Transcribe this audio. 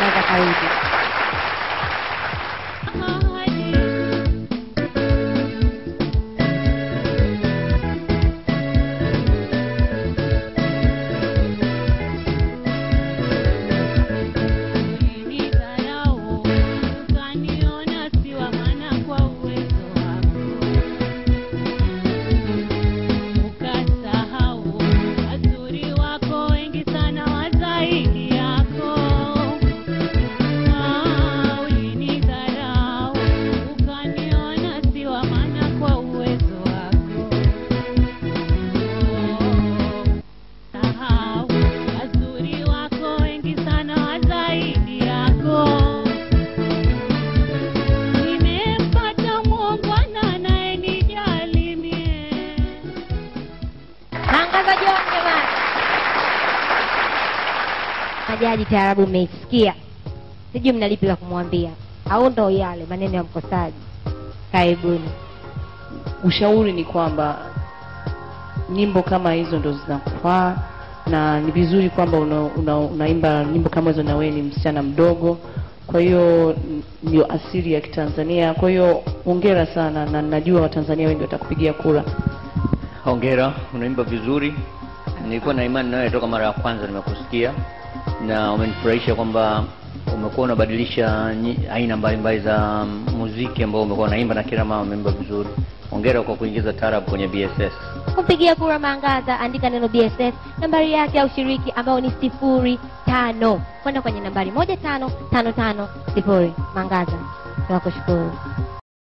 戦いです。majaji taarabu umeisikia, sijui mnalipi la kumwambia au ndo yale maneno ya mkosaji? Karibuni. Ushauri ni kwamba nyimbo kama hizo ndo zinakufaa na ni vizuri kwamba unaimba una, una nyimbo kama hizo na wewe ni msichana mdogo, kwa hiyo ndio asili ya Kitanzania. Kwa hiyo hongera sana, na najua Watanzania wengi watakupigia kura. Hongera, unaimba vizuri, nilikuwa na imani nawe toka mara ya kwanza nimekusikia na umenifurahisha kwamba umekuwa unabadilisha aina mbalimbali za muziki ambao umekuwa unaimba na kila mama ameimba vizuri. Hongera kwa kuingiza tarab kwenye BSS. Kupigia kura mangaza andika neno BSS, nambari yake ya ushiriki ambao ni sifuri tano kwenda kwenye nambari moja tano tano tano sifuri. Mangaza, tunakushukuru.